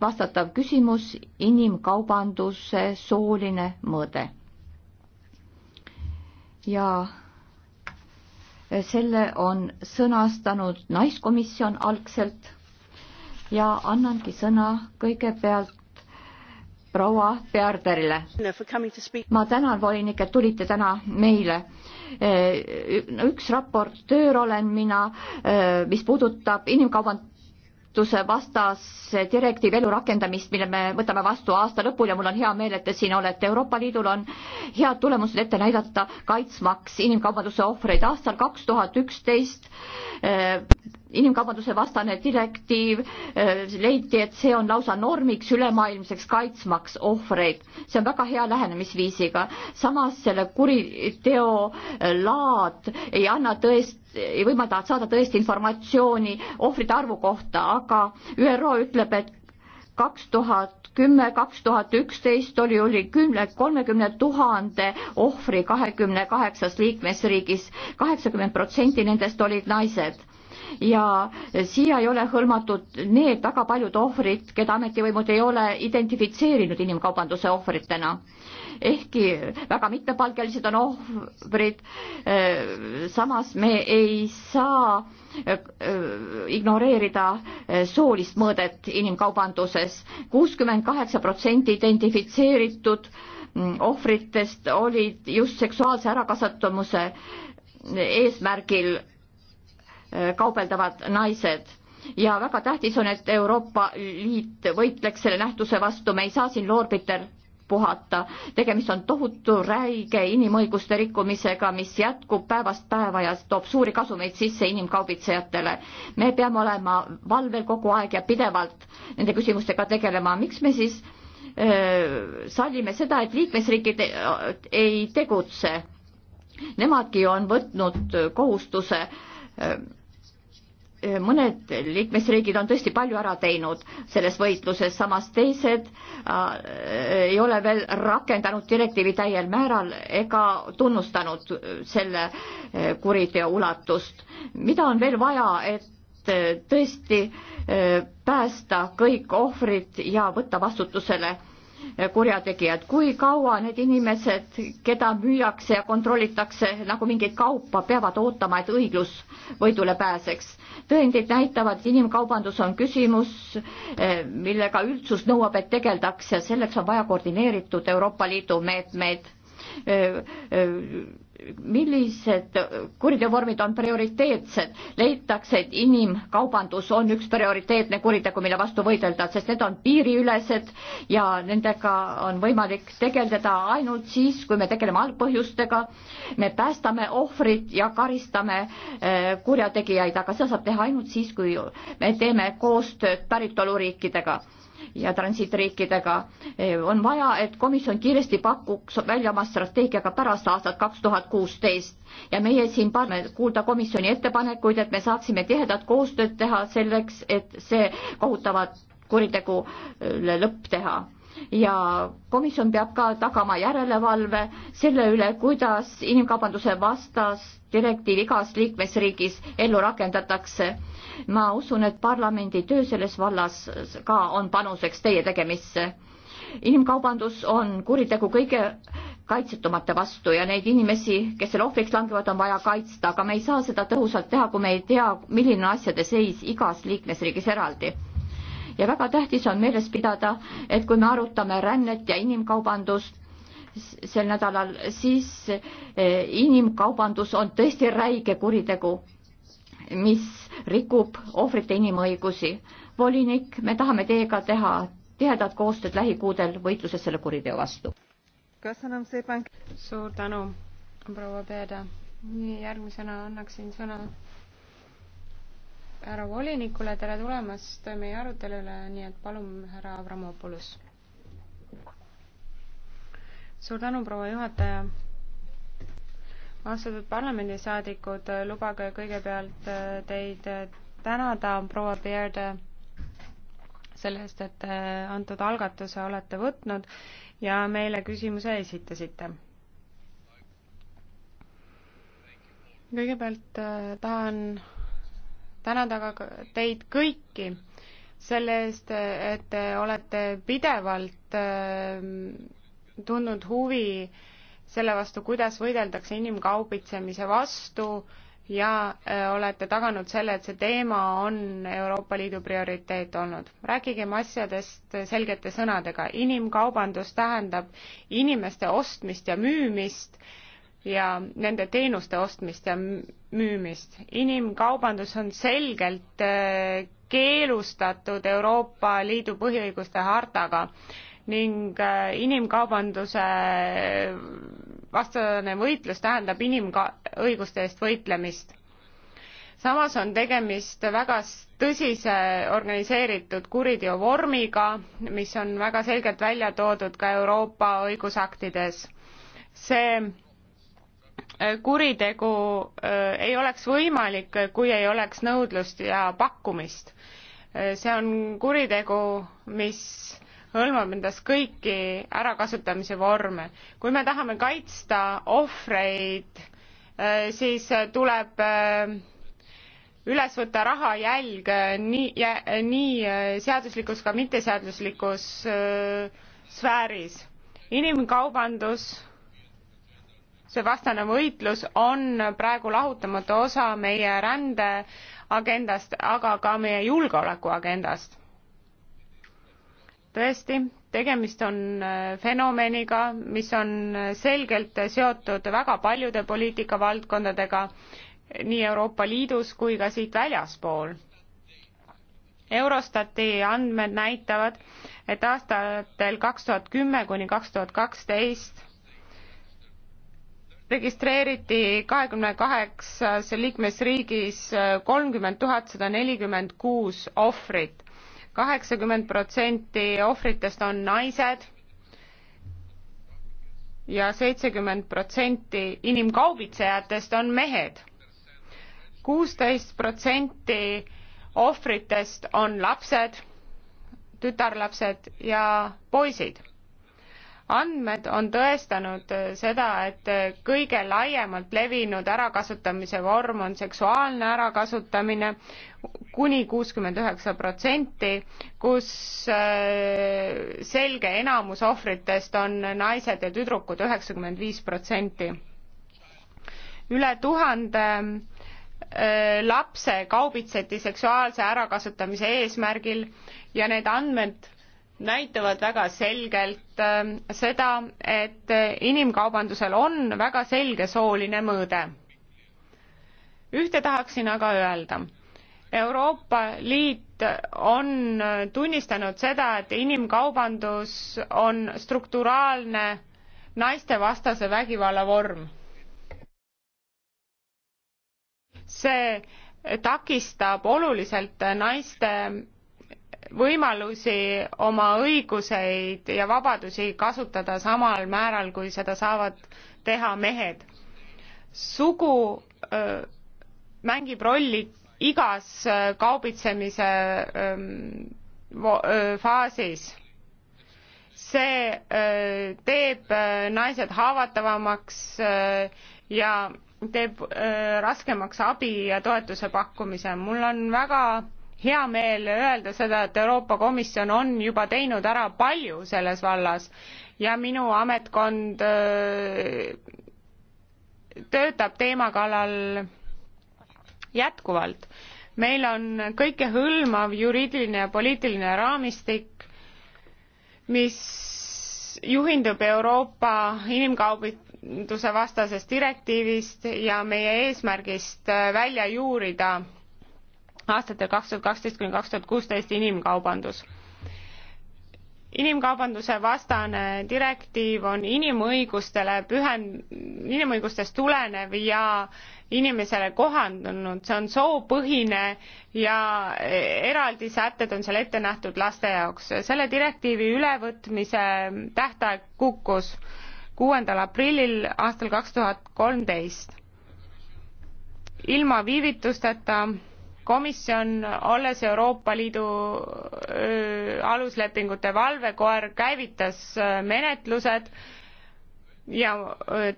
vastatav küsimus inimkaubanduse sooline mõõde. ja selle on sõnastanud Naiskomisjon algselt ja annangi sõna kõigepealt proua Pearderile. ma tänan, volinik, et tulite täna meile. üks raportöör olen mina, mis puudutab inimkaubandust pettuste vastase direktiivi elurakendamist, mille me võtame vastu aasta lõpul ja mul on hea meel, et te siin olete. Euroopa Liidul on head tulemused ette näidata, kaitsmaks inimkaubanduse ohvreid. aastal kaks tuhat üksteist eh, inimkaubanduse vastane direktiiv eh, leiti, et see on lausa normiks ülemaailmseks kaitsmaks ohvreid. see on väga hea lähenemisviisiga. samas selle kuriteo laad ei anna tõest ei võimaldavad saada tõesti informatsiooni ohvrite arvu kohta, aga ÜRO ütleb, et kaks tuhat kümme, kaks tuhat üksteist oli üle kümne, kolmekümne tuhande ohvri kahekümne kaheksas liikmesriigis, kaheksakümmend protsenti nendest olid naised ja siia ei ole hõlmatud need väga paljud ohvrid, keda ametivõimud ei ole identifitseerinud inimkaubanduse ohvritena. ehkki väga mitmepalgelised on ohvrid, eh, samas me ei saa eh, ignoreerida eh, soolist mõõdet inimkaubanduses. kuuskümmend kaheksa protsenti identifitseeritud mm, ohvritest olid just seksuaalse ärakasvatamuse eesmärgil kaubeldavad naised ja väga tähtis on, et Euroopa Liit võitleks selle nähtuse vastu, me ei saa siin loorbitel puhata. tegemist on tohutu räige inimõiguste rikkumisega, mis jätkub päevast päeva ja toob suuri kasumeid sisse inimkaubitsejatele. me peame olema valvel kogu aeg ja pidevalt nende küsimustega tegelema, miks me siis öö, sallime seda, et liikmesriigid ei tegutse. Nemadki on võtnud kohustuse öö, Äh, mõned liikmesriigid on tõesti palju ära teinud selles võitluses, samas teised äh, ei ole veel rakendanud direktiivi täiel määral ega tunnustanud selle äh, kuriteo ulatust. mida on veel vaja, et äh, tõesti äh, päästa kõik ohvrid ja võtta vastutusele kurjategijad, kui kaua need inimesed, keda müüakse ja kontrollitakse nagu mingeid kaupa, peavad ootama, et õiglus võidule pääseks. tõendid näitavad, et inimkaubandus on küsimus, eh, millega üldsus nõuab, et tegeldaks ja selleks on vaja koordineeritud Euroopa Liidu meetmeid meet eh, eh, millised kuriteovormid on prioriteetsed, leitakse, et inimkaubandus on üks prioriteetne kuritegu, mille vastu võidelda, sest need on piiriülesed ja nendega on võimalik tegeleda ainult siis, kui me tegeleme algpõhjustega, me päästame ohvrid ja karistame eh, kurjategijaid, aga seda saab teha ainult siis, kui me teeme koostööd päritoluriikidega ja transiitriikidega. on vaja, et komisjon kiiresti pakuks välja oma strateegiaga pärast aastat kaks tuhat kuusteist ja meie siin paneme kuulda komisjoni ettepanekuid, et me saaksime tihedat koostööd teha selleks, et see kohutavat kuritegu lõpp teha ja komisjon peab ka tagama järelevalve selle üle, kuidas inimkaubanduse vastas direktiiv igas liikmesriigis ellu rakendatakse. ma usun, et parlamendi töö selles vallas ka on panuseks teie tegemisse. inimkaubandus on kuritegu kõige kaitsetumate vastu ja neid inimesi, kes selle ohvriks langevad, on vaja kaitsta, aga me ei saa seda tõhusalt teha, kui me ei tea, milline on asjade seis igas liikmesriigis eraldi ja väga tähtis on meeles pidada, et kui me arutame rännet ja inimkaubandust sel nädalal, siis eh, inimkaubandus on tõesti räige kuritegu, mis rikub ohvrite inimõigusi. volinik, me tahame teiega teha tihedat koostööd lähikuudel võitluses selle kuriteo vastu. suur tänu, proua Peede. nii, järgmisena annaksin sõna härra volinikule, tere tulemast meie arutelule, nii et palun, härra Avramopoulos. suur tänu, proua juhataja. austatud parlamendisaadikud, lubage kõigepealt äh, teid äh, tänada, proua Bearde, selle eest, et te äh, antud algatuse olete võtnud ja meile küsimuse esitasite kõigepealt tahan tänada ka teid kõiki selle eest, et te olete pidevalt ähm, tundnud huvi selle vastu, kuidas võideldakse inimkaubitsemise vastu ja äh, olete taganud selle, et see teema on Euroopa Liidu prioriteet olnud. rääkigem asjadest selgete sõnadega. inimkaubandus tähendab inimeste ostmist ja müümist äh, ja nende teenuste ostmist ja müümist. inimkaubandus on selgelt äh, keelustatud Euroopa Liidu põhiõiguste hartaga ning äh, inimkaubanduse äh, vastane võitlus tähendab inimõiguste eest võitlemist. samas on tegemist väga tõsise organiseeritud kuriteovormiga, mis on väga selgelt välja toodud ka Euroopa õigusaktides. see Äh, kuritegu äh, ei oleks võimalik, kui ei oleks nõudlust ja pakkumist. Äh, see on kuritegu, mis hõlmab endas kõiki ärakasutamise vorme. kui me tahame kaitsta ohvreid, siis tuleb üles võtta rahajälg nii, nii seaduslikus kui mitteseaduslikus sfääris. inimkaubandus see vastane võitlus on praegu lahutamatu osa meie rändeagendast, aga ka meie julgeolekuagendast. tõesti, tegemist on äh, fenomeniga, mis on äh, selgelt seotud väga paljude poliitikavaldkondadega nii Euroopa Liidus kui ka siit väljaspool. Eurostati andmed näitavad, et aastatel kaks tuhat kümme kuni kaks tuhat kaksteist registreeriti kahekümne kaheksas liikmesriigis kolmkümmend tuhat sada nelikümmend kuus ohvrit. kaheksakümmend protsenti ohvritest on naised ja seitsekümmend protsenti inimkaubitsejatest on mehed. kuusteist protsenti ohvritest on lapsed, tütarlapsed ja poisid andmed on tõestanud äh, seda, et äh, kõige laiemalt levinud ärakasutamise vorm on seksuaalne ärakasutamine kuni kuuskümmend üheksa protsenti, kus äh, selge enamus ohvritest on naised ja tüdrukud, üheksakümmend viis protsenti. üle tuhande lapse kaubitseti seksuaalse ärakasutamise eesmärgil ja need andmed näitavad väga selgelt äh, seda, et inimkaubandusel on väga selge sooline mõõde. ühte tahaksin aga öelda. Euroopa Liit on tunnistanud seda, et inimkaubandus on strukturaalne naistevastase vägivalla vorm. see takistab oluliselt naiste võimalusi oma õiguseid ja vabadusi kasutada samal määral, kui seda saavad teha mehed. sugu öö, mängib rolli igas kaubitsemise faasis. see teeb naised haavatavamaks ja teeb raskemaks abi ja toetuse pakkumise. mul on väga hea meel öelda seda, et Euroopa Komisjon on juba teinud ära palju selles vallas ja minu ametkond äh, töötab teema kallal jätkuvalt. meil on kõikehõlmav juriidiline ja poliitiline raamistik, mis juhindub Euroopa inimkaubanduse vastasest direktiivist ja meie eesmärgist äh, välja juurida aastatel kaks tuhat kaksteist kuni kaks tuhat kuusteist inimkaubandus inimkaubanduse vastane direktiiv on inimõigustele pühen- inimõigustest tulenev ja inimesele kohandunud see on soopõhine ja eraldi sätted on seal ette nähtud laste jaoks selle direktiivi ülevõtmise tähtaeg kukkus kuuendal aprillil aastal kaks tuhat kolmteist ilma viivitusteta komisjon, olles Euroopa Liidu aluslepingute valvekoer, käivitas menetlused ja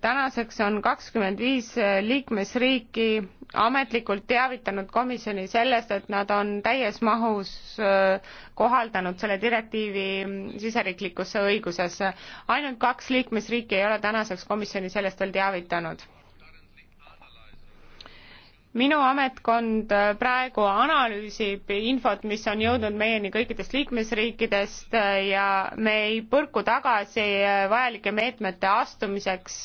tänaseks on kakskümmend viis liikmesriiki ametlikult teavitanud komisjoni sellest, et nad on täies mahus kohaldanud selle direktiivi siseriiklikusse õigusesse. ainult kaks liikmesriiki ei ole tänaseks komisjoni sellest veel teavitanud minu ametkond äh, praegu analüüsib infot, mis on jõudnud meieni kõikidest liikmesriikidest äh, ja me ei põrku tagasi äh, vajalike meetmete astumiseks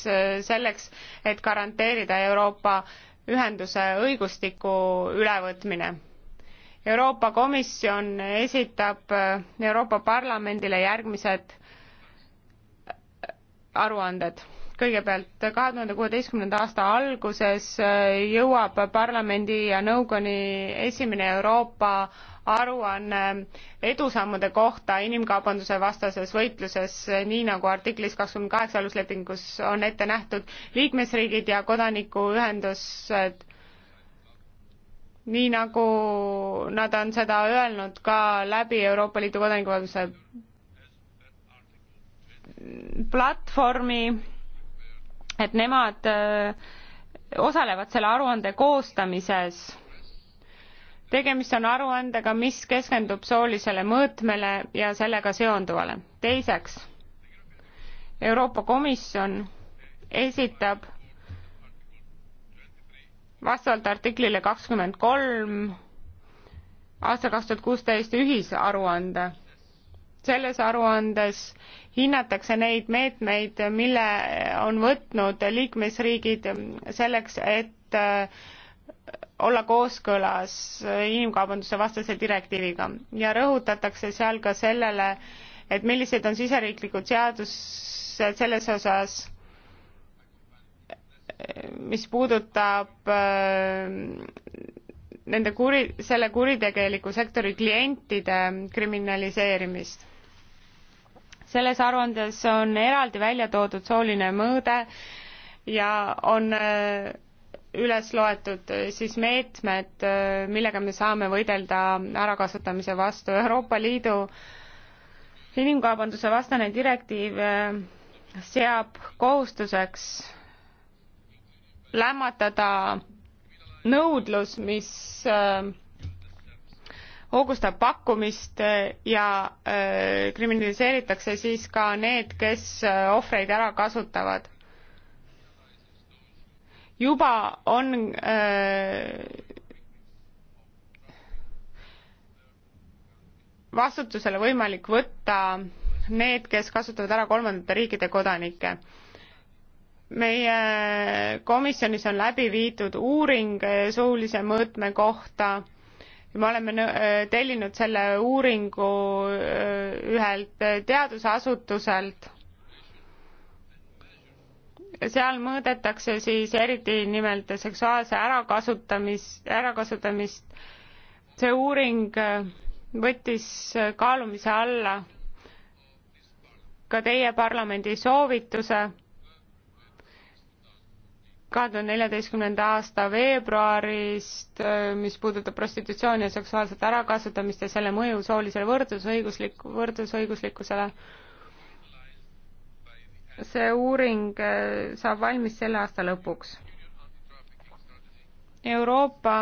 selleks, et garanteerida Euroopa ühenduse õigustiku ülevõtmine. Euroopa Komisjon esitab Euroopa Parlamendile järgmised aruanded kõigepealt kahe tuhande kuueteistkümnenda aasta alguses äh, jõuab parlamendi ja nõukoguni esimene Euroopa aruanne edusammude kohta inimkaubanduse vastases võitluses, äh, nii nagu artiklis kakskümmend kaheksa aluslepingus on ette nähtud liikmesriigid ja kodanikuühendused, nii nagu nad on seda öelnud ka läbi Euroopa Liidu kodanikuühenduse platvormi et nemad äh, osalevad selle aruande koostamises. tegemist on aruandega, mis keskendub soolisele mõõtmele ja sellega seonduvale. teiseks, Euroopa Komisjon esitab vastavalt artiklile kakskümmend kolm aastal kaks tuhat kuusteist ühisaruande selles aruandes hinnatakse neid meetmeid, mille on võtnud liikmesriigid selleks, et äh, olla kooskõlas inimkaubanduse vastase direktiiviga ja rõhutatakse seal ka sellele, et millised on siseriiklikud seadused selles osas, mis puudutab äh, nende kuri, selle kuritegeliku sektori klientide kriminaliseerimist selles aruandes on eraldi välja toodud sooline mõõde ja on äh, üles loetud äh, siis meetmed, äh, millega me saame võidelda ärakasutamise vastu. Euroopa Liidu inimkaubanduse vastane direktiiv seab kohustuseks lämmatada nõudlus, mis hoogustab pakkumist äh, ja äh, kriminaliseeritakse siis ka need, kes äh, ohvreid ära kasutavad. juba on vastutusele võimalik võtta need, kes kasutavad ära kolmandate riikide kodanikke meie komisjonis on läbi viidud uuring suulise mõõtme kohta me oleme äh, tellinud selle uuringu äh, ühelt äh, teadusasutuselt. seal mõõdetakse siis eriti nimelt seksuaalse ärakasutamis, ärakasutamist. see uuring võttis kaalumise alla ka teie parlamendi soovituse kahe tuhande neljateistkümnenda aasta veebruarist, mis puudutab prostitutsiooni ja seksuaalset ärakasutamist ja selle mõju soolisele võrdusõiguslik-, võrdusõiguslikkusele. see uuring eh, saab valmis selle aasta lõpuks. Euroopa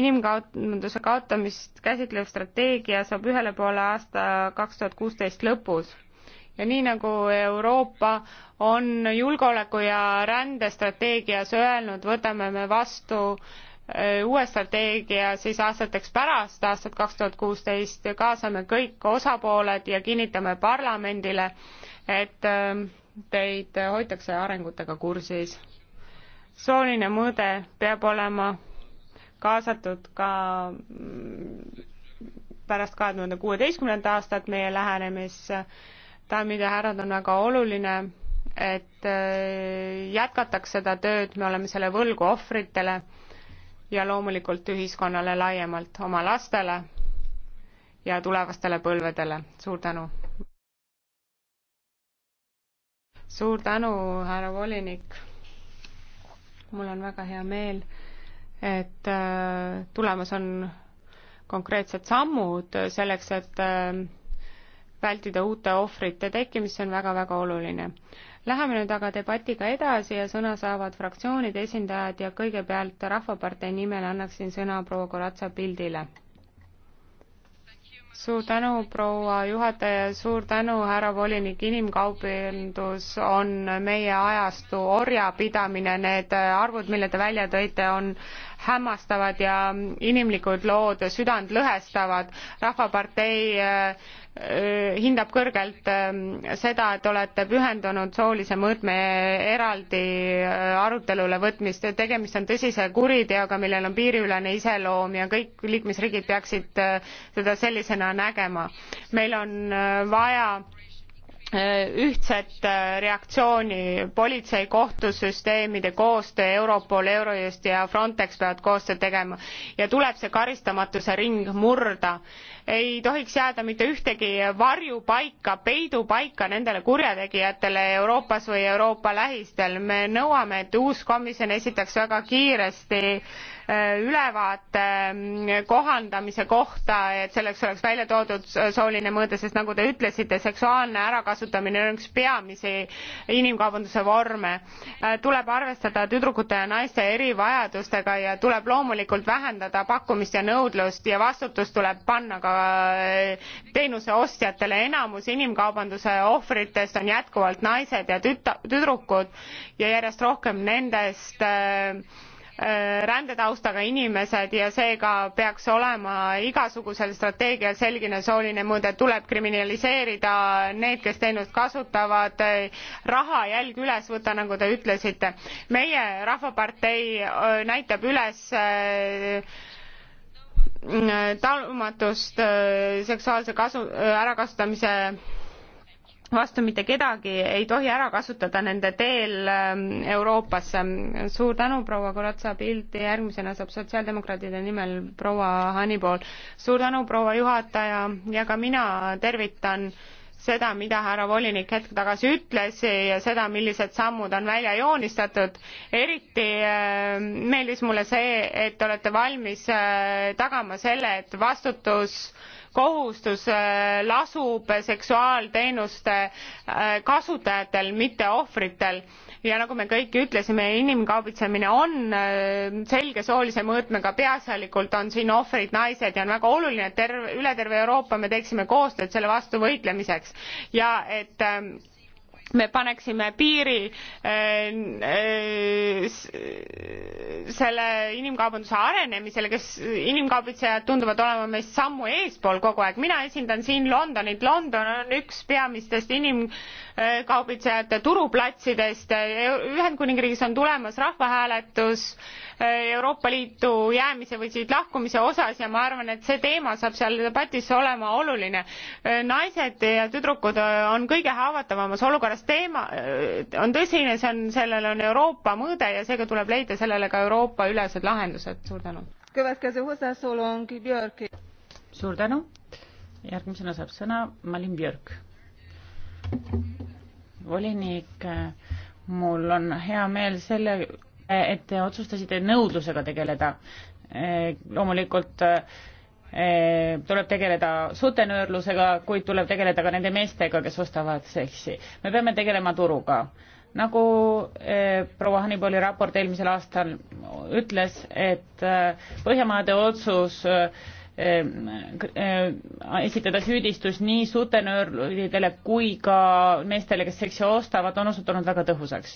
inimkaotuse kaotamist käsitlev strateegia saab ühele poole aasta kaks tuhat kuusteist lõpus ja nii nagu Euroopa on julgeoleku ja rändestrateegias öelnud, võtame me vastu äh, uue strateegia siis aastateks pärast aastat kaks tuhat kuusteist, kaasame kõik osapooled ja kinnitame parlamendile, et ähm, teid hoitakse arengutega kursis. sooline mõõde peab olema kaasatud ka mm, pärast kahe tuhande kuueteistkümnenda aastat meie lähenemisse daamid ja härrad, on väga oluline, et äh, jätkataks seda tööd, me oleme selle võlgu ohvritele ja loomulikult ühiskonnale laiemalt, oma lastele ja tulevastele põlvedele. suur tänu! suur tänu, härra volinik! mul on väga hea meel, et äh, tulemas on konkreetsed sammud selleks, et äh, vältida uute ohvrite tekkimist, see on väga-väga oluline. Läheme nüüd aga debatiga edasi ja sõna saavad fraktsioonide esindajad ja kõigepealt Rahvapartei nimel annaksin sõna proua Koratsa pildile. suur tänu, proua juhataja, suur tänu, härra volinik, inimkaubandus on meie ajastu orjapidamine, need arvud, mille te välja tõite, on hämmastavad ja inimlikud lood südant lõhestavad. rahvapartei hindab kõrgelt ähm, seda, et olete pühendunud soolise mõõtme eraldi äh, arutelule võtmist. tegemist on tõsise kuriteoga, millel on piiriülene iseloom ja kõik liikmesriigid peaksid äh, seda sellisena nägema. meil on äh, vaja Äh, ühtset äh, reaktsiooni politsei kohtusüsteemide koostöö europol eurojust ja frontex peavad koostööd tegema ja tuleb see karistamatuse ring murda ei tohiks jääda mitte ühtegi varjupaika peidupaika nendele kurjategijatele euroopas või euroopa lähistel me nõuame et uus komisjon esitaks väga kiiresti äh, Äh, ülevaate ähm, kohandamise kohta, et selleks oleks välja toodud sooline mõõde, sest nagu te ütlesite, seksuaalne ärakasutamine on üks peamisi inimkaubanduse vorme. Äh, tuleb arvestada tüdrukute ja naiste erivajadustega ja tuleb loomulikult vähendada pakkumist ja nõudlust ja vastutus tuleb panna ka äh, teenuse ostjatele. enamus inimkaubanduse ohvritest on jätkuvalt naised ja tüta-, tüdrukud ja järjest rohkem nendest äh, Äh, rändetaustaga inimesed ja seega peaks olema igasugusel strateegial selgine sooline mõõde, tuleb kriminaliseerida need, kes teenust kasutavad, äh, raha jälg üles võtta, nagu te ütlesite. meie Rahvapartei äh, näitab üles talumatust seksuaalse kasu, ärakasutamise vastu mitte kedagi ei tohi ära kasutada nende teel ähm, Euroopasse. suur tänu, proua Koratsa Pilt, järgmisena saab sotsiaaldemokraatide nimel proua Hanipool. suur tänu, proua juhataja ja ka mina tervitan seda, mida härra volinik hetk tagasi ütles ja seda, millised sammud on välja joonistatud. eriti ähm, meeldis mulle see, et te olete valmis äh, tagama selle, et vastutus äh, kohustus äh, lasub seksuaalteenuste äh, kasutajatel, mitte ohvritel. ja nagu me kõik ütlesime, inimkaubitsemine on äh, selge soolise mõõtmega, peaasjalikult on siin ohvrid naised ja on väga oluline, et terve, üle terve Euroopa me teeksime koostööd selle vastu võitlemiseks ja et ähm, me paneksime piiri äh, äh, selle inimkaubanduse arenemisele, kes, inimkaubitsejad tunduvad olema meist sammu eespool kogu aeg. mina esindan siin Londonit, London on üks peamistest inim- kaubitsejate turuplatsidest ühendkuningriigis on tulemas rahvahääletus euroopa liitu jäämise või siit lahkumise osas ja ma arvan et see teema saab seal debatis olema oluline naised ja tüdrukud on kõige haavatavamas olukorras teema on tõsine see on sellel on euroopa mõõde ja seega tuleb leida sellele ka euroopa ülesed lahendused suur tänu suur tänu järgmisena saab sõna malin björk volinik, mul on hea meel selle, et te otsustasite nõudlusega tegeleda. loomulikult eh, tuleb tegeleda sutenöörlusega, kuid tuleb tegeleda ka nende meestega, kes ostavad seksi. me peame tegelema turuga. nagu eh, proua Hannibali raport eelmisel aastal ütles, et eh, Põhjamaade otsus äh, Ehm, eh, esitada süüdistus nii sutenööridele kui ka meestele, kes seksi ostavad, on osutunud väga tõhusaks.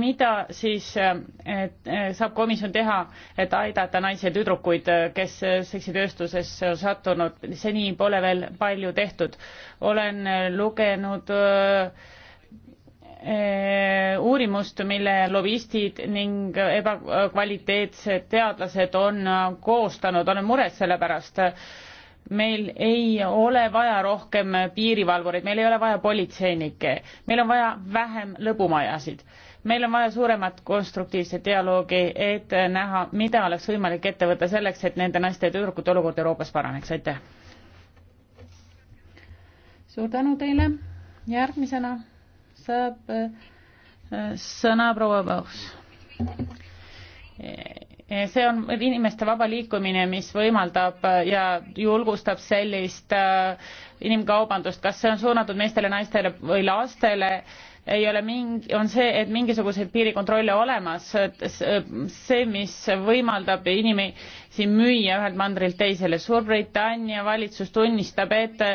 mida siis eh, eh, saab komisjon teha, et aidata naisi ja tüdrukuid, kes seksitööstuses sattunud, seni pole veel palju tehtud. olen lugenud öö, Eh, uurimust, mille lobistid ning ebakvaliteetsed teadlased on koostanud, olen mures selle pärast. meil ei ole vaja rohkem piirivalvureid, meil ei ole vaja politseinikke, meil on vaja vähem lõbumajasid. meil on vaja suuremat konstruktiivset dialoogi, et näha, mida oleks võimalik ette võtta selleks, et nende naiste ja tüdrukute olukord Euroopas paraneks, aitäh! suur tänu teile, järgmisena saab äh, sõna proua Paus. see on inimeste vaba liikumine, mis võimaldab ja julgustab sellist äh, inimkaubandust, kas see on suunatud meestele, naistele või lastele ei ole mingi, on see, et mingisuguseid piirikontrolle olemas, see, mis võimaldab inimesi müüa ühelt mandrilt teisele. Suurbritannia valitsus tunnistab, et e,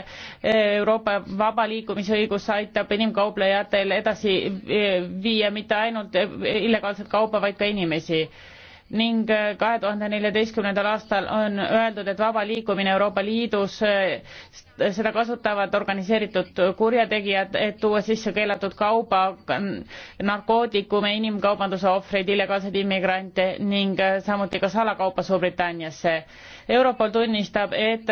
Euroopa vaba liikumisõigus aitab inimkauplejatel edasi e, viia mitte ainult e, illegaalset kaupa, vaid ka inimesi ning äh, kahe tuhande neljateistkümnendal aastal on öeldud, et vaba liikumine Euroopa Liidus, äh, seda kasutavad organiseeritud kurjategijad, et tuua sisse keelatud kauba, narkootikume, inimkaubanduse ohvreid, illegaalseid immigrante ning äh, samuti ka salakaupa Suurbritanniasse. Europol tunnistab, et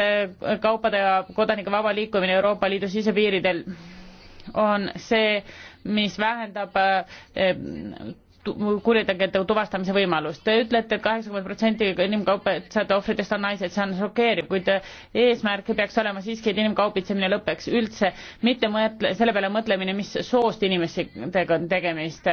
kaupade ja kodanike vaba liikumine Euroopa Liidu sisepiiridel on see, mis vähendab kuritegelikku tuvastamise võimalust. Te ütlete et, et kaheksakümmend protsenti inimkaubitsejate ohvritest on naised, see on šokeeriv, kuid eesmärk peaks olema siiski, et inimkaubitsemine lõpeks üldse, mitte mõtle, selle peale mõtlemine, mis soost inimestega on tegemist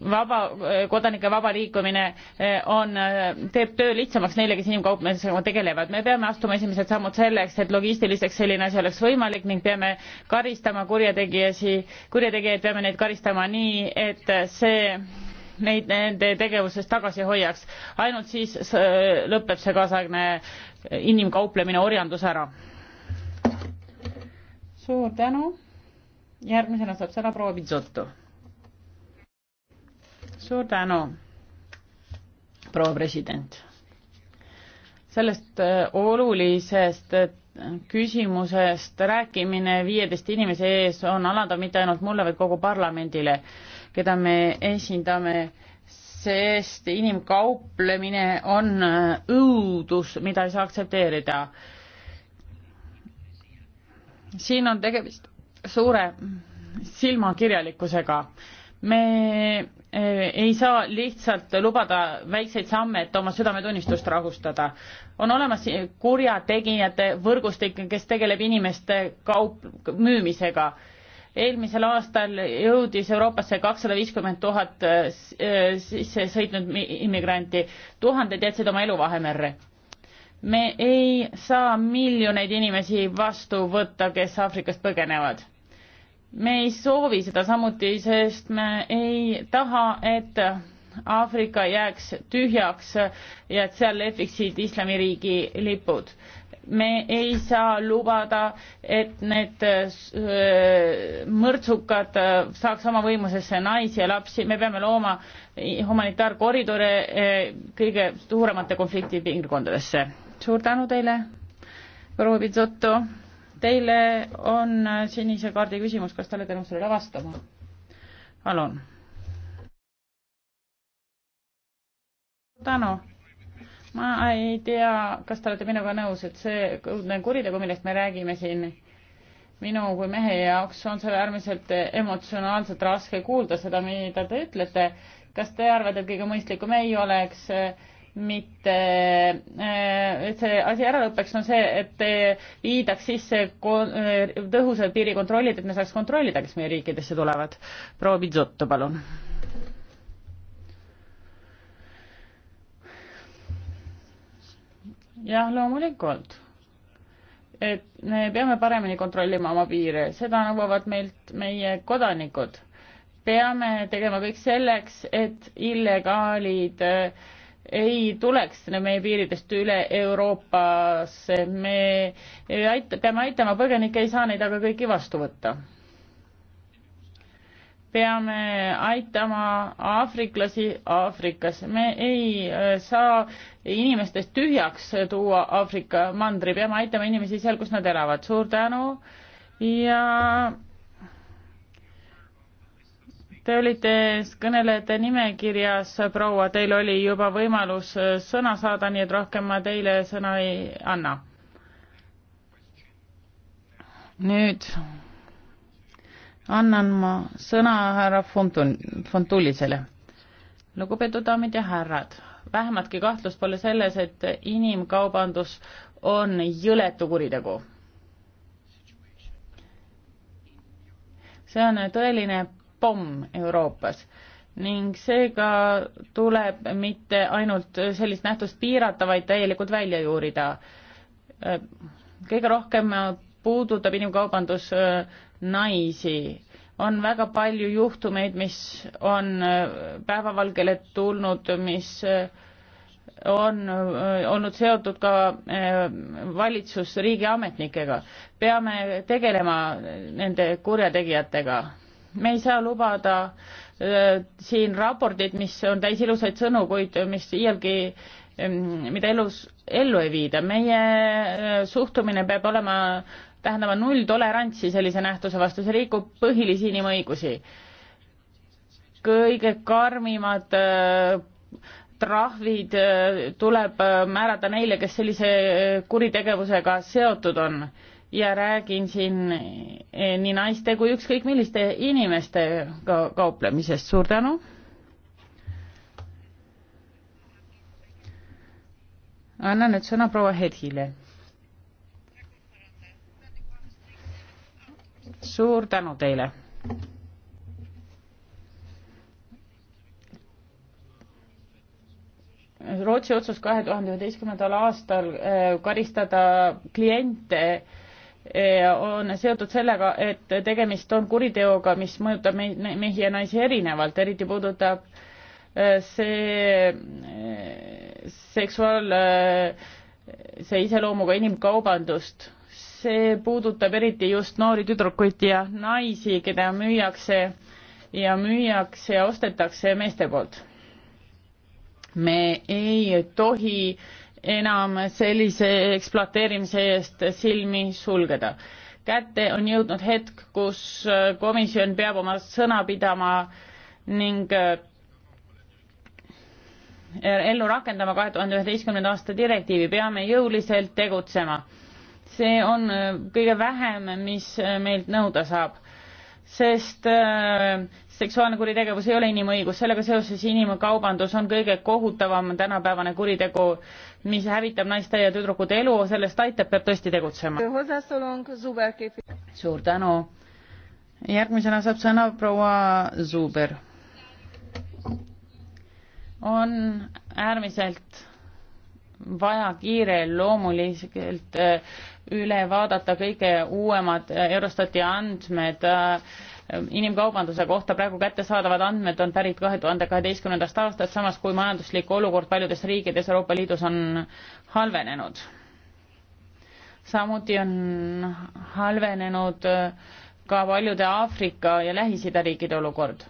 vaba, kodanike vaba liikumine eh, on, eh, teeb töö lihtsamaks neile, kes inimkaupmeestega tegelevad. me peame astuma esimesed sammud selleks, et logistiliseks selline asi oleks võimalik ning peame karistama kurjategijasi, kurjategijaid peame neid karistama nii, et see neid nende tegevusest tagasi hoiaks. ainult siis eh, lõpeb see kaasaegne inimkauplemine, orjandus ära. suur tänu. järgmisena saab sõna proua Pitsotu suur tänu, proua president. sellest äh, olulisest äh, küsimusest rääkimine viieteist inimese ees on alandav mitte ainult mulle, vaid kogu parlamendile, keda me esindame, sest inimkauplemine on äh, õudus, mida ei saa aktsepteerida. siin on tegemist suure silmakirjalikkusega me eh, ei saa lihtsalt lubada väikseid samme, et oma südametunnistust rahustada. on olemas kurjategijate võrgustik, kes tegeleb inimeste kaup-, müümisega. eelmisel aastal jõudis Euroopasse kakssada viiskümmend tuhat eh, sisse sõitnud immigranti, tuhanded jätsid oma elu Vahemerre me ei saa miljoneid inimesi vastu võtta, kes Aafrikast põgenevad me ei soovi seda samuti, sest me ei taha, et Aafrika jääks tühjaks ja et seal lehviksid islamiriigi lipud. me ei saa lubada, et need äh, mõrtsukad saaks oma võimusesse naisi ja lapsi, me peame looma humanitaarkoridore äh, kõige suuremate konfliktipiirkondadesse. suur tänu teile, proua Pizzotto Teile on sinise kaardi küsimus, kas te olete nõus sellele vastama? palun. Tanu, ma ei tea, kas te olete minuga nõus, et see õudne kuritegu, millest me räägime siin, minu kui mehe jaoks on see äärmiselt emotsionaalselt raske kuulda seda, mida te ütlete. kas te arvate, et kõige mõistlikum ei oleks äh, mitte, äh, et see asi ära lõpeks, on see, et viidaks sisse äh, tõhusad piirikontrollid, et me saaks kontrollida, kes meie riikidesse tulevad. proua Pizzotto, palun. jah, loomulikult. et me peame paremini kontrollima oma piire, seda nõuavad meilt meie kodanikud. peame tegema kõik selleks, et illegaalid äh, ei tuleks meie piiridest üle Euroopasse, me aita-, peame aitama põgenikke, ei saa neid aga kõiki vastu võtta. peame aitama aafriklasi Aafrikas, me ei äh, saa inimestest tühjaks tuua Aafrika mandri, peame aitama inimesi seal, kus nad elavad, suur tänu ja Te olite kõnelejate nimekirjas, proua, teil oli juba võimalus äh, sõna saada, nii et rohkem ma teile sõna ei anna. nüüd annan ma sõna härra Fontun-, Fontulisele. lugupeetud daamid ja härrad, vähematki kahtlust pole selles, et inimkaubandus on jõletu kuritegu. see on tõeline pomm Euroopas ning seega tuleb mitte ainult sellist nähtust piirata, vaid täielikult välja juurida. kõige rohkem puudutab inimkaubandus äh, naisi. on väga palju juhtumeid, mis on äh, päevavalgele tulnud, mis äh, on olnud seotud ka valitsus riigiametnikega. peame tegelema nende kurjategijatega me ei saa lubada äh, siin raportit, mis on täis ilusaid sõnu, kuid mis iialgi mm, mida elus ellu ei viida. meie äh, suhtumine peab olema, tähendama nulltolerantsi sellise nähtuse vastu, see rikub põhilisi inimõigusi. kõige karmimad äh, trahvid tuleb määrata neile, kes sellise kuritegevusega seotud on ja räägin siin eh, nii naiste kui ükskõik milliste inimestega kauplemisest. suur tänu. annan nüüd sõna proua Hedhile. suur tänu teile. Rootsi otsus kahe tuhande üheteistkümnendal aastal eh, karistada kliente Eh, on seotud sellega, et tegemist on kuriteoga, mis mõjutab mehi ja naisi erinevalt, eriti puudutab eh, see eh, seksuaal, see iseloomuga inimkaubandust. see puudutab eriti just noori tüdrukuid ja naisi, keda müüakse ja müüakse ja ostetakse meeste poolt. me ei tohi äh, enam sellise ekspluateerimise eest silmi sulgeda. kätte on jõudnud hetk, kus äh, komisjon peab oma sõna pidama ning äh, er-, ellu rakendama kahe tuhande üheteistkümnenda aasta direktiivi, peame jõuliselt tegutsema. see on äh, kõige vähem, mis meilt nõuda saab sest äh, seksuaalne kuritegevus ei ole inimõigus, sellega seoses inimkaubandus on kõige kohutavam tänapäevane kuritegu, mis hävitab naiste ja tüdrukute elu, sellest aitab, peab tõesti tegutsema. suur tänu. järgmisena saab sõna proua Zuber. on äärmiselt vaja kiireloomuliselt äh, üle vaadata kõige uuemad äh, Eurostati andmed äh, inimkaubanduse kohta. praegu kättesaadavad andmed on pärit kahe tuhande kaheteistkümnendast aastast, samas kui majanduslik olukord paljudes riikides Euroopa Liidus on halvenenud. samuti on halvenenud ka paljude Aafrika ja Lähis-Ida riikide olukord.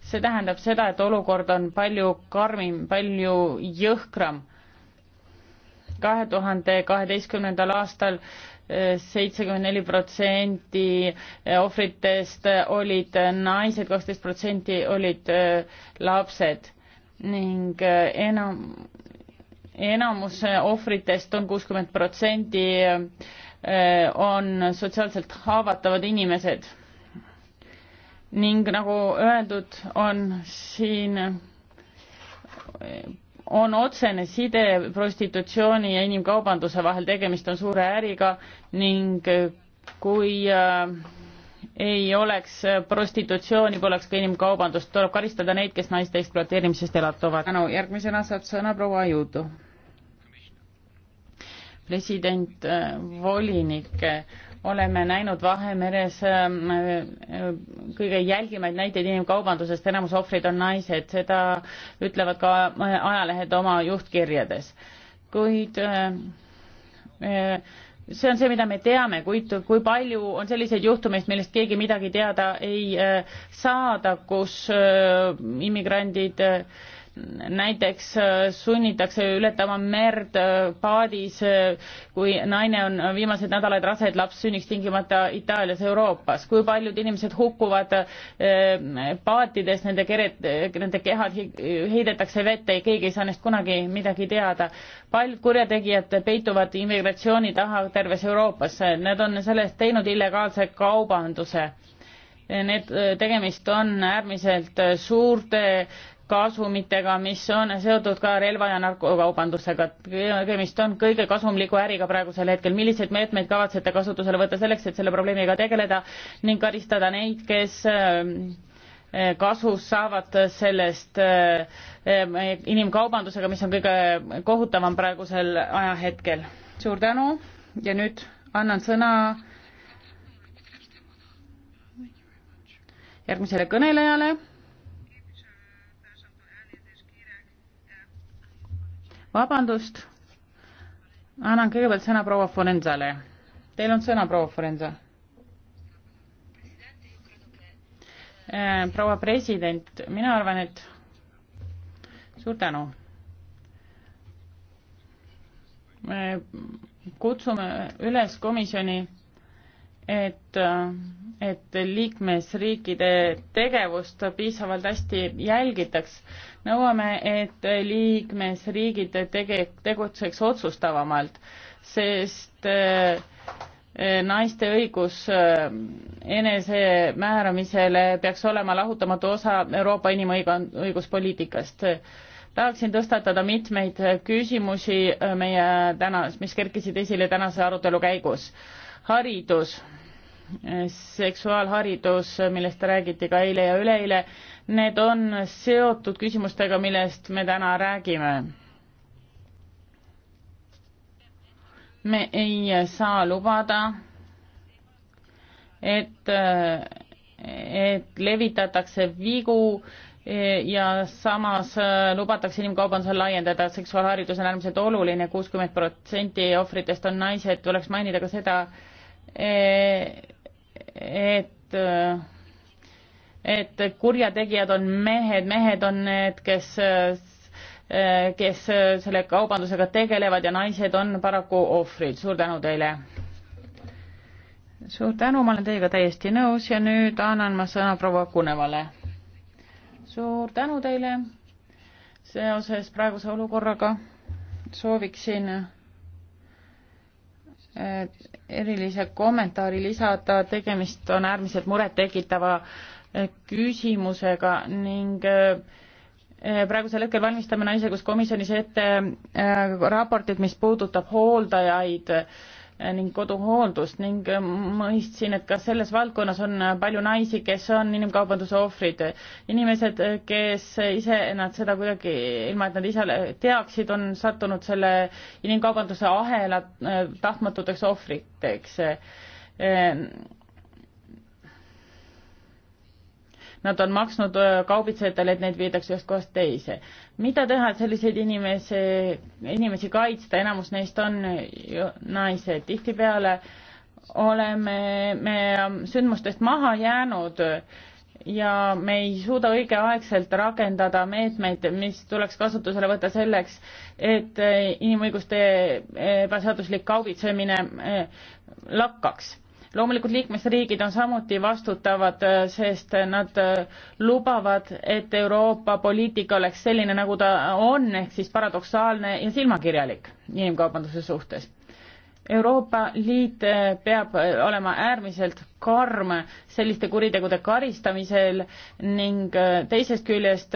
see tähendab seda, et olukord on palju karmim, palju jõhkram kahe tuhande kaheteistkümnendal aastal eh, seitsekümmend neli protsenti eh, ohvritest olid naised, kaksteist protsenti olid eh, lapsed ning enam, enamus ohvritest on kuuskümmend protsenti on sotsiaalselt haavatavad inimesed. ning nagu öeldud, on siin on otsene side prostitutsiooni ja inimkaubanduse vahel, tegemist on suure äriga ning äh, kui äh, ei oleks prostitutsiooni, poleks ka inimkaubandust, tuleb karistada neid, kes naiste ekspluateerimisest elatuvad. tänu, järgmisena saab sõna proua Juudu. president, äh, volinik oleme näinud Vahemeres äh, kõige jälgimaid näiteid inimkaubandusest, enamus ohvrid on naised, seda ütlevad ka äh, ajalehed oma juhtkirjades. kuid äh, see on see, mida me teame, kuid kui palju on selliseid juhtumeid, millest keegi midagi teada ei saada, kus immigrandid äh, näiteks äh, sunnitakse ületama merd äh, paadis, äh, kui naine on viimased nädalad rase, et laps sünniks tingimata Itaalias, Euroopas. kui paljud inimesed hukkuvad paatides, nende kered, nende kehad heidetakse vette ja keegi ei saa neist kunagi midagi teada. paljud kurjategijad peituvad immigratsiooni taha terves Euroopas, nad on sellest teinud illegaalse kaubanduse need, tegemist on äärmiselt suurte kasumitega, mis on seotud ka relva ja narkokaubandusega. tegemist on kõige kasumliku äriga praegusel hetkel. milliseid meetmeid kavatsete kasutusele võtta selleks, et selle probleemiga tegeleda ning karistada neid, kes äh, kasu saavad sellest äh, inimkaubandusega, mis on kõige kohutavam praegusel ajahetkel. suur tänu ja nüüd annan sõna järgmisele kõnelejale vabandust, annan kõigepealt sõna proua Forenzale. Teil on sõna, proua Forenza. Äh, proua president, mina arvan, et suur tänu. me kutsume üles komisjoni, et äh, et liikmesriikide tegevust piisavalt hästi jälgitaks. nõuame, et liikmesriigid tege-, tegutseks otsustavamalt, sest äh, äh, naiste õigus äh, enesemääramisele peaks olema lahutamatu osa Euroopa inimõiguspoliitikast tahaksin tõstatada mitmeid küsimusi meie täna, mis kerkisid esile tänase arutelu käigus. haridus, seksuaalharidus, millest räägiti ka eile ja üleeile, need on seotud küsimustega, millest me täna räägime. me ei saa lubada, et, et levitatakse vigu ja samas lubatakse inimkaubandusel laiendada, seksuaalharidus on äärmiselt oluline, kuuskümmend protsenti ohvritest on naised, tuleks mainida ka seda, et et kurjategijad on mehed, mehed on need, kes kes selle kaubandusega tegelevad ja naised on paraku ohvrid. suur tänu teile! suur tänu, ma olen teiega täiesti nõus ja nüüd annan ma sõna proua Kunevale. suur tänu teile! seoses praeguse olukorraga sooviksin erilise kommentaari lisada, tegemist on äärmiselt murettekitava eh, küsimusega ning eh, eh, praegusel hetkel valmistame Naisõiguskomisjonis ette raportit, mis puudutab hooldajaid ning koduhooldust ning mõistsin, et ka selles valdkonnas on palju naisi, kes on inimkaubanduse ohvrid. inimesed, kes ise nad seda kuidagi, ilma et nad ise teaksid, on sattunud selle inimkaubanduse ahela eh, tahtmatuteks ohvriteks eh, nad on maksnud äh, kaubitsejatele, et neid viidakse ühest kohast teise. mida teha, et selliseid inimesi, inimesi kaitsta, enamus neist on naised, tihtipeale oleme me sündmustest maha jäänud ja me ei suuda õigeaegselt rakendada meetmeid, mis tuleks kasutusele võtta selleks, et äh, inimõiguste äh, ebaseaduslik kaubitsemine lakkaks loomulikult liikmesriigid on samuti vastutavad, äh, sest nad äh, lubavad, et Euroopa poliitika oleks selline, nagu ta on, ehk siis paradoksaalne ja silmakirjalik inimkaubanduse suhtes. Euroopa Liit äh, peab olema äärmiselt karm selliste kuritegude karistamisel ning teisest küljest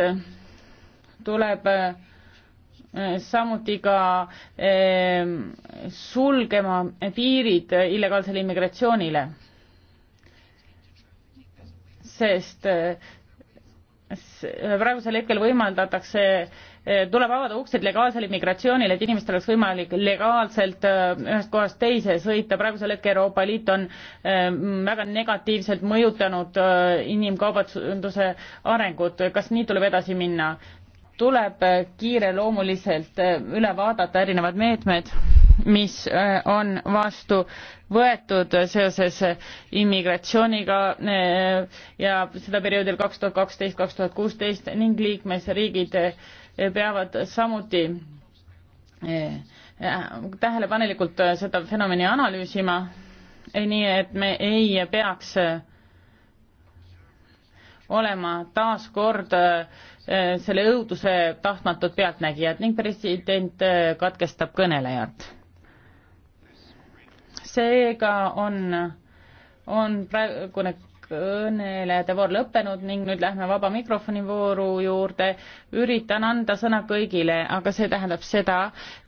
tuleb Äh, samuti ka äh, sulgema piirid illegaalsele immigratsioonile. sest äh, praegusel hetkel võimaldatakse, tuleb avada uksed legaalsele immigratsioonile, et inimestel oleks võimalik legaalselt ühest kohast teise sõita, praegusel hetkel Euroopa Liit on väga negatiivselt mõjutanud inimkaubanduse arengut, kas nii tuleb edasi minna? tuleb kiireloomuliselt äh, üle vaadata erinevad meetmed, mis äh, on vastu võetud seoses immigratsiooniga äh, ja seda perioodil kaks tuhat kaksteist, kaks tuhat kuusteist ning liikmesriigid peavad samuti tähelepanelikult seda fenomeni analüüsima, nii et me ei peaks olema taaskord äh, Äh, selle õuduse tahtmatud pealtnägijad ning president äh, katkestab kõnelejat. seega on, on praegune kõnelejate voor lõppenud ning nüüd lähme vaba mikrofoni vooru juurde. üritan anda sõna kõigile, aga see tähendab seda,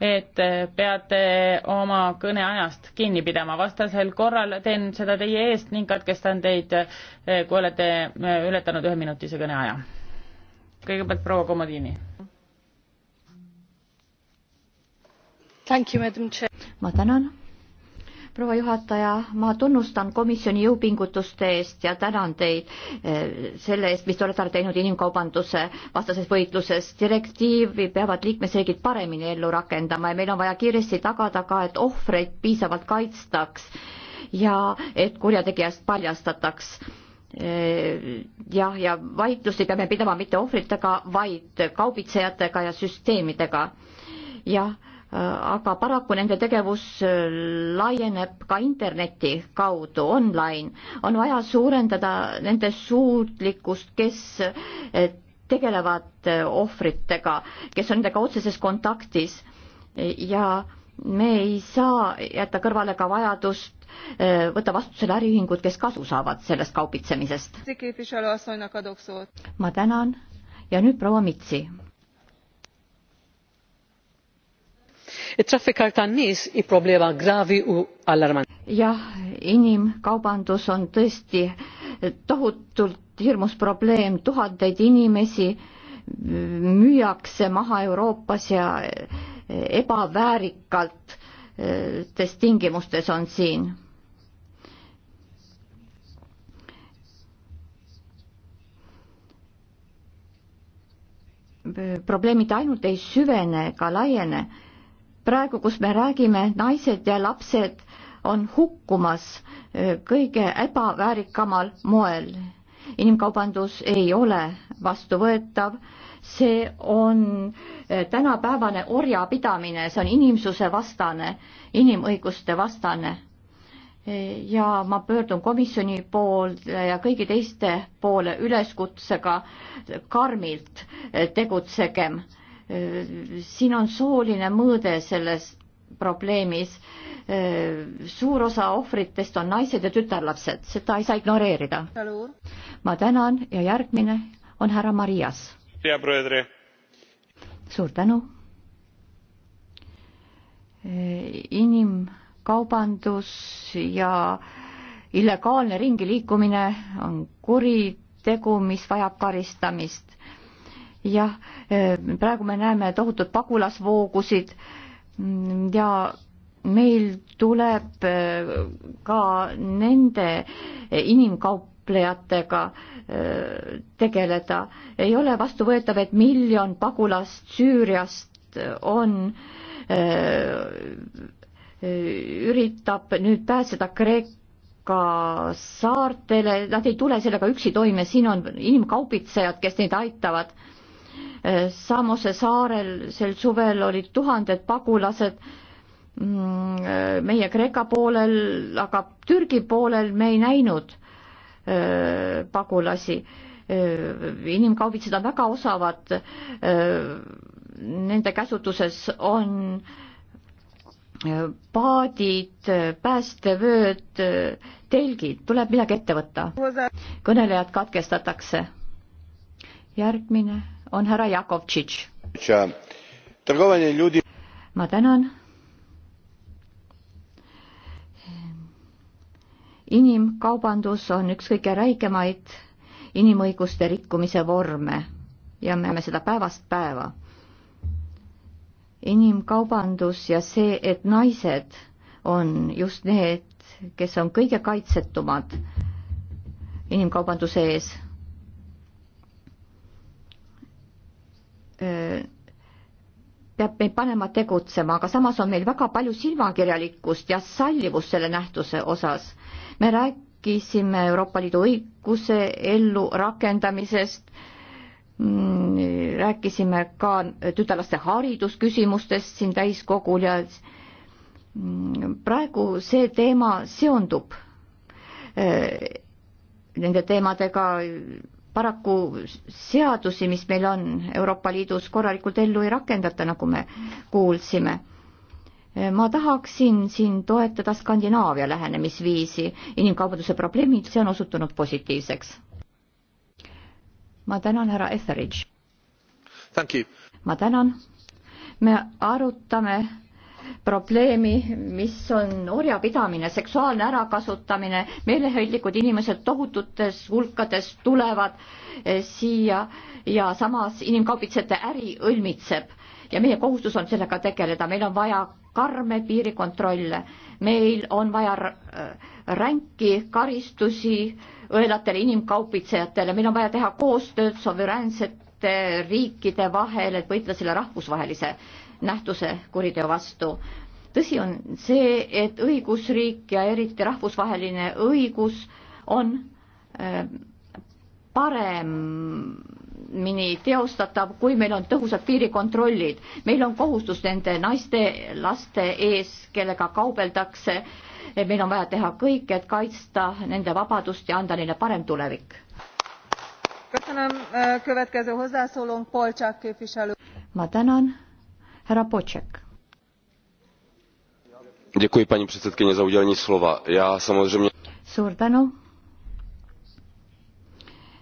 et äh, peate oma kõneajast kinni pidama, vastasel korral teen seda teie eest ning katkestan teid, kui olete ületanud üheminutise kõneaja kõigepealt proua Komodini. ma tänan, proua juhataja, ma tunnustan komisjoni jõupingutuste eest ja tänan teid eh, selle eest, mis te olete teinud inimkaubanduse vastases võitluses. direktiivi peavad liikmesriigid paremini ellu rakendama ja meil on vaja kiiresti tagada ka, et ohvreid piisavalt kaitstaks ja et kurjategijast paljastataks jah, ja vaidlust ei pea me pidama mitte ohvritega, vaid kaubitsejatega ja süsteemidega. jah, aga paraku nende tegevus laieneb ka interneti kaudu, online. on vaja suurendada nende suutlikkust, kes tegelevad ohvritega, kes on nendega otseses kontaktis ja me ei saa jätta kõrvale ka vajadust Eh, võtta vastutusele äriühingud, kes kasu saavad sellest kaubitsemisest. ma tänan ja nüüd proua Mitsi. E jah, inimkaubandus on tõesti tohutult hirmus probleem, tuhandeid inimesi müüakse maha Euroopas ja ebaväärikalt millistes tingimustes on siin. probleemid ainult ei süvene ega laiene. praegu, kus me räägime, naised ja lapsed on hukkumas kõige ebaväärikamal moel inimkaubandus ei ole vastuvõetav, see on eh, tänapäevane orjapidamine, see on inimsuse vastane, inimõiguste vastane. Eh, ja ma pöördun komisjoni poole ja kõigi teiste poole üleskutsega karmilt eh, tegutsegem. siin on sooline mõõde selles probleemis. Äh, suur osa ohvritest on naised ja tütarlapsed, seda ei saa ignoreerida. ma tänan ja järgmine on härra Marias. suur tänu. Äh, inimkaubandus ja illegaalne ringiliikumine on kuritegu, mis vajab karistamist. jah, äh, praegu me näeme tohutut pagulasvoogusid ja meil tuleb äh, ka nende inimkauplejatega äh, tegeleda. ei ole vastuvõetav, et miljon pagulast Süüriast on, äh, üritab nüüd pääseda Kreeka ka saartele, nad ei tule sellega üksi toime, siin on inimkaubitsejad, kes neid aitavad Samose saarel sel suvel olid tuhanded pagulased mm, meie Kreeka poolel, aga Türgi poolel me ei näinud äh, pagulasi. Äh, inimkaubitsed on väga osavad, äh, nende käsutuses on paadid, päästevööd, telgid, tuleb midagi ette võtta. kõnelejad katkestatakse. järgmine on härra Jakovtšitš. ma tänan. inimkaubandus on üks kõige räigemaid inimõiguste rikkumise vorme ja me näeme seda päevast päeva. inimkaubandus ja see, et naised on just need, kes on kõige kaitsetumad inimkaubanduse ees peab meid panema tegutsema, aga samas on meil väga palju silmakirjalikkust ja sallivust selle nähtuse osas. me rääkisime Euroopa Liidu õiguse ellurakendamisest, mm, rääkisime ka tütarlaste haridusküsimustest siin täiskogul ja mm, praegu see teema seondub nende teemadega paraku seadusi, mis meil on Euroopa Liidus, korralikult ellu ei rakendata, nagu me kuulsime. ma tahaksin siin toetada Skandinaavia lähenemisviisi, inimkaubanduse probleemid, see on osutunud positiivseks. ma tänan, härra Etheridge. ma tänan. me arutame probleemi, mis on orjapidamine, seksuaalne ärakasutamine, meeleheitlikud inimesed tohututes hulkades tulevad eh, siia ja samas inimkaubitsejate äri õlmitseb ja meie kohustus on sellega tegeleda, meil on vaja karme piirikontrolle, meil on vaja eh, ränki karistusi õelatele inimkaubitsejatele, meil on vaja teha koostööd suveräänsete riikide vahel, et võitleda selle rahvusvahelise nähtuse kuriteo vastu. tõsi on see, et õigusriik ja eriti rahvusvaheline õigus on äh, paremini teostatav, kui meil on tõhusad piirikontrollid. meil on kohustus nende naiste, laste ees, kellega kaubeldakse, meil on vaja teha kõik, et kaitsta nende vabadust ja anda neile parem tulevik. ma tänan härra Poček. Děkuji paní předsedkyně za udělení slova. Já samozřejmě... Suur tänu.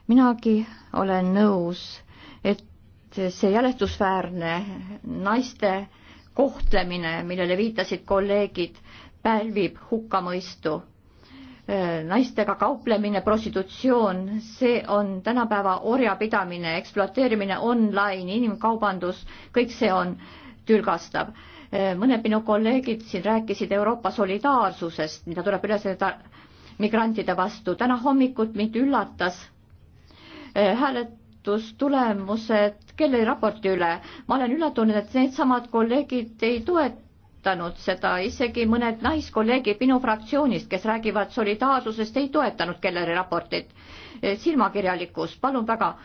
Minagi olen nõus, et see jälestusväärne naiste kohtlemine, millele viitasid kolleegid, pälvib hukkamõistu. Äh, naistega kauplemine, prostitutsioon, see on tänapäeva orjapidamine, ekspluateerimine online, inimkaubandus, kõik see on äh, tülgastav. Eh, mõned minu kolleegid siin rääkisid Euroopa solidaarsusest, mida tuleb üles näidata migrantide vastu. täna hommikul mind üllatas eh, hääletustulemused Kelleri raporti üle. ma olen üllatunud, et needsamad kolleegid ei toetanud seda, isegi mõned naiskolleegid minu fraktsioonist, kes räägivad solidaarsusest, ei toetanud Kelleri raportit. Eh, silmakirjalikkus, palun väga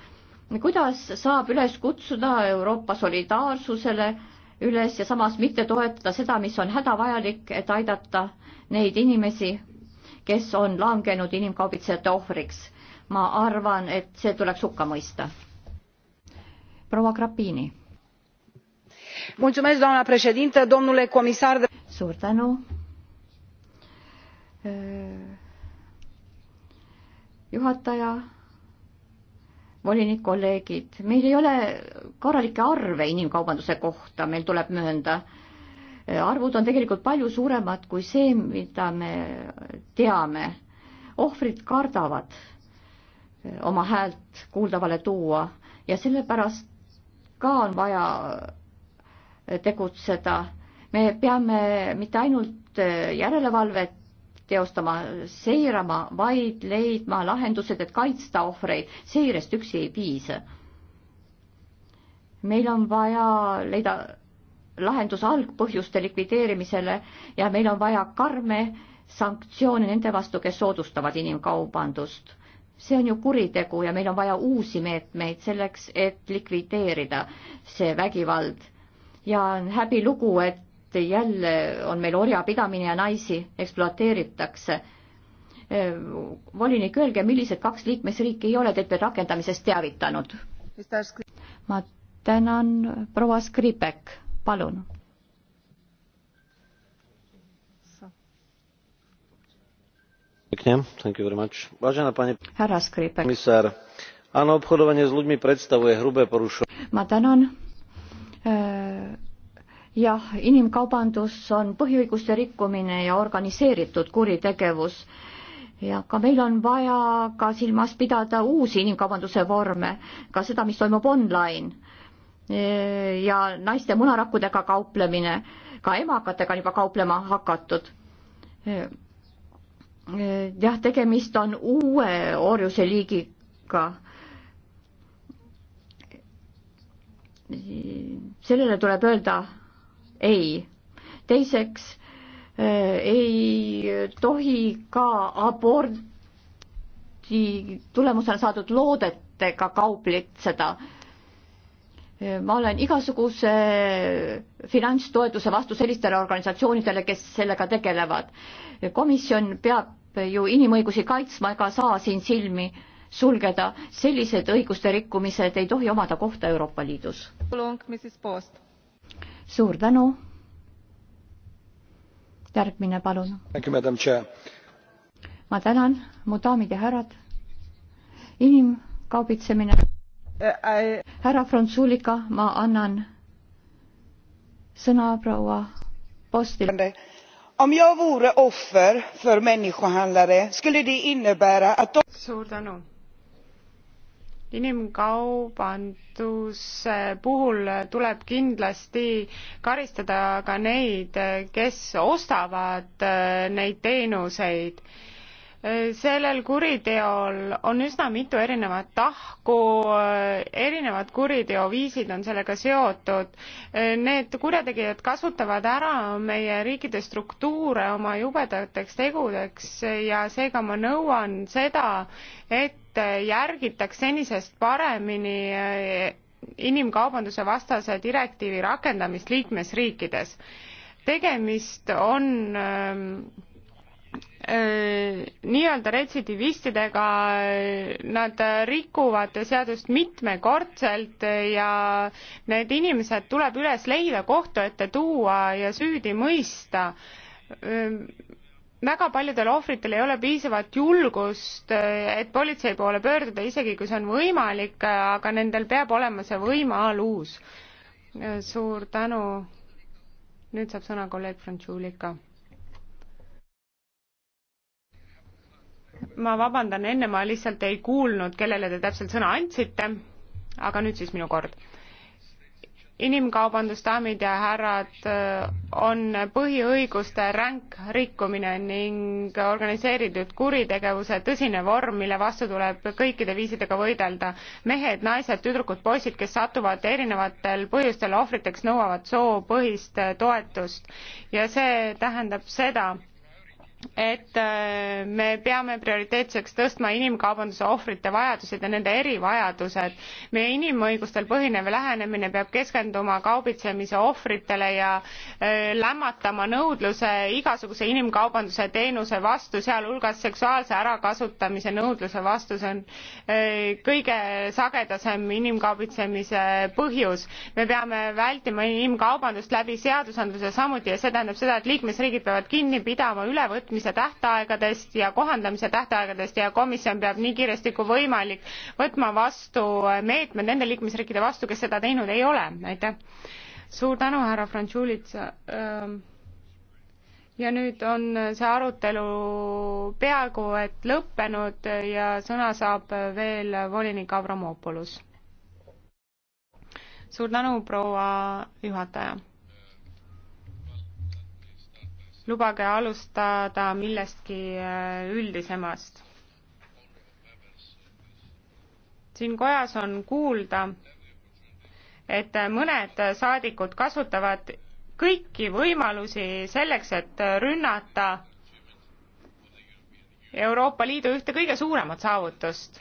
kuidas saab üles kutsuda Euroopa solidaarsusele üles ja samas mitte toetada seda, mis on hädavajalik, et aidata neid inimesi, kes on langenud inimkaubitsejate ohvriks. ma arvan, et see tuleks hukka mõista. proua Grapini. suur tänu. juhataja volinik, kolleegid, meil ei ole korralikke arve inimkaubanduse kohta, meil tuleb möönda. arvud on tegelikult palju suuremad kui see, mida me teame. ohvrid kardavad oma häält kuuldavale tuua ja sellepärast ka on vaja tegutseda. me peame mitte ainult järelevalvet teostama, seirama, vaid leidma lahendused, et kaitsta ohvreid. seirest üksi ei piisa. meil on vaja leida lahendus algpõhjuste likvideerimisele ja meil on vaja karme sanktsioone nende vastu, kes soodustavad inimkaubandust. see on ju kuritegu ja meil on vaja uusi meetmeid selleks, et likvideerida see vägivald. ja on häbilugu, et et jälle on meil orjapidamine ja naisi ekspluateeritakse. volinik, öelge, millised kaks liikmesriiki ei ole teid veel rakendamisest teavitanud? ma tänan, proua Skripek, palun. härra Skripek. áno obchodovanie s ľuďmi predstavuje hrubé porušovanie. ma tänan jah, inimkaubandus on põhiõiguste rikkumine ja organiseeritud kuritegevus ja ka meil on vaja ka silmas pidada uusi inimkaubanduse vorme, ka seda, mis toimub online e, ja naiste munarakkudega kauplemine, ka emakatega on juba kauplema hakatud. E, e, jah, tegemist on uue orjuse liigiga. sellele tuleb öelda ei. teiseks eh, ei tohi ka abordi tulemusena saadud loodetega kauplitseda. Eh, ma olen igasuguse finantstoetuse vastu sellistele organisatsioonidele, kes sellega tegelevad. komisjon peab ju inimõigusi kaitsma ega saa siin silmi sulgeda, sellised õiguste rikkumised ei tohi omada kohta Euroopa Liidus suur tänu. järgmine, palun. ma tänan, mu daamid ja härrad. inimkaubitsemine. härra Frunzulika, ma annan sõna proua Postile om jag vore offer för människohandlare skulle det innebära att de inimkaubanduse puhul tuleb kindlasti karistada ka neid, kes ostavad äh, neid teenuseid. Äh, sellel kuriteol on üsna mitu erinevat tahku, äh, erinevad kuriteoviisid on sellega seotud. Need kurjategijad kasutavad ära meie riikide struktuure oma jubedateks tegudeks ja seega ma nõuan seda, et et järgitaks senisest paremini eh, inimkaubanduse vastase direktiivi rakendamist liikmesriikides. tegemist on ehm, eh, nii-öelda retsidivistidega, eh, nad rikuvad seadust mitmekordselt ja need inimesed tuleb üles leida, kohtu ette tuua ja süüdi mõista ehm, väga paljudel ohvritel ei ole piisavat julgust, eh, et politsei poole pöörduda, isegi kui see on võimalik, eh, aga nendel peab olema see võimalus. Eh, suur tänu. nüüd saab sõna kolleeg Frantsuulika. ma vabandan, enne ma lihtsalt ei kuulnud, kellele te täpselt sõna andsite, aga nüüd siis minu kord inimkaubandus, daamid ja härrad, äh, on põhiõiguste ränk rikkumine ning organiseeritud kuritegevuse tõsine vorm, mille vastu tuleb kõikide viisidega võidelda. mehed, naised, tüdrukud, poisid, kes satuvad erinevatel põhjustel ohvriteks, nõuavad soopõhist äh, toetust ja see tähendab seda, et äh, me peame prioriteetseks tõstma inimkaubanduse ohvrite vajadused ja nende erivajadused. meie inimõigustel põhinev lähenemine peab keskenduma kaubitsemise ohvritele ja äh, lämmatama nõudluse igasuguse inimkaubanduse teenuse vastu, sealhulgas seksuaalse ärakasutamise nõudluse vastu, see on äh, kõige sagedasem inimkaubitsemise põhjus. me peame vältima inimkaubandust läbi seadusandluse samuti ja see tähendab seda, et liikmesriigid peavad kinni pidama ülevõtmisest vastuvõtmise tähtaegadest ja kohandamise tähtaegadest ja komisjon peab nii kiiresti kui võimalik võtma vastu meetmed nende liikmesriikide vastu, kes seda teinud ei ole. aitäh. suur tänu, härra Franšulits. Ähm, ja nüüd on see arutelu peaaegu et lõppenud ja sõna saab veel volinik Avramopoulos. suur tänu, proua juhataja lubage alustada millestki äh, üldisemast. siin kojas on kuulda, et mõned saadikud kasutavad kõiki võimalusi selleks, et rünnata Euroopa Liidu ühte kõige suuremat saavutust.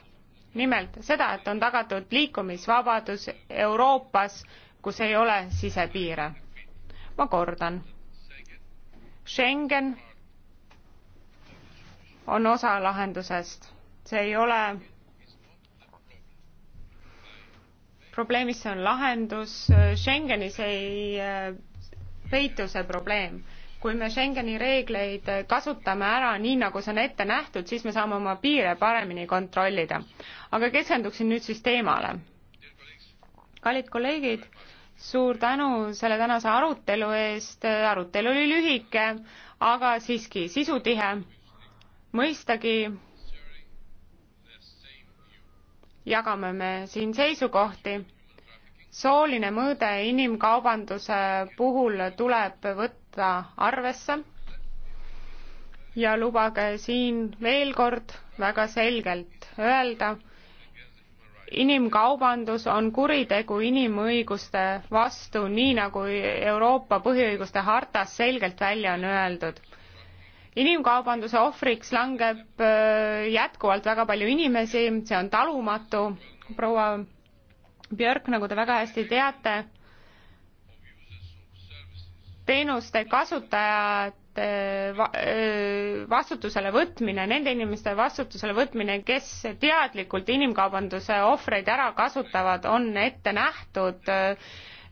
nimelt seda, et on tagatud liikumisvabadus Euroopas, kus ei ole sisepiire. ma kordan Schengen on osa lahendusest. see ei ole probleemist see on lahendus, Schengenis ei äh, peitu see probleem. kui me Schengeni reegleid kasutame ära nii, nagu see on ette nähtud, siis me saame oma piire paremini kontrollida. aga keskenduksin nüüd siis teemale. kallid kolleegid, suur tänu selle tänase arutelu eest, arutelu oli lühike, aga siiski sisutihe. mõistagi jagame me siin seisukohti. sooline mõõde inimkaubanduse puhul tuleb võtta arvesse ja lubage siin veel kord väga selgelt öelda, inimkaubandus on kuritegu inimõiguste vastu, nii nagu Euroopa põhiõiguste hartas selgelt välja on öeldud. inimkaubanduse ohvriks langeb äh, jätkuvalt väga palju inimesi, see on talumatu, proua Björk, nagu te väga hästi teate, teenuste kasutajad inimeste vastutusele võtmine, nende inimeste vastutusele võtmine, kes teadlikult inimkaubanduse ohvreid ära kasutavad, on ette nähtud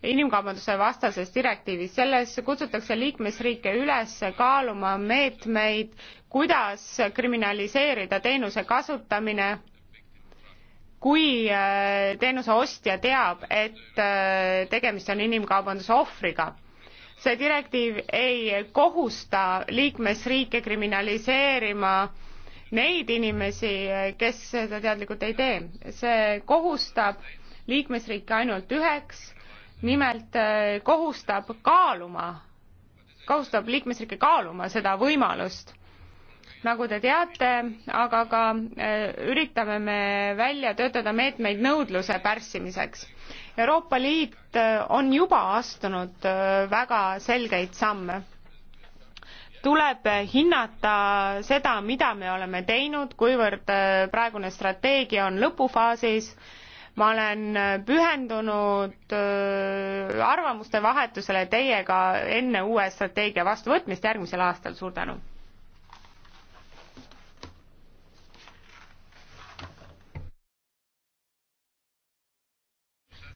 inimkaubanduse vastases direktiivis. selles kutsutakse liikmesriike üles kaaluma meetmeid, kuidas kriminaliseerida teenuse kasutamine, kui teenuse ostja teab, et tegemist on inimkaubanduse ohvriga see direktiiv ei kohusta liikmesriike kriminaliseerima neid inimesi, kes seda teadlikult ei tee. see kohustab liikmesriike ainult üheks, nimelt äh, kohustab kaaluma, kohustab liikmesriike kaaluma seda võimalust. nagu te teate, aga ka äh, üritame me välja töötada meetmeid nõudluse pärssimiseks Euroopa Liit äh, on juba astunud äh, väga selgeid samme tuleb hinnata seda, mida me oleme teinud, kuivõrd äh, praegune strateegia on lõpufaasis. ma olen pühendunud arvamuste vahetusele teiega enne uue strateegia vastuvõtmist järgmisel aastal, suur tänu!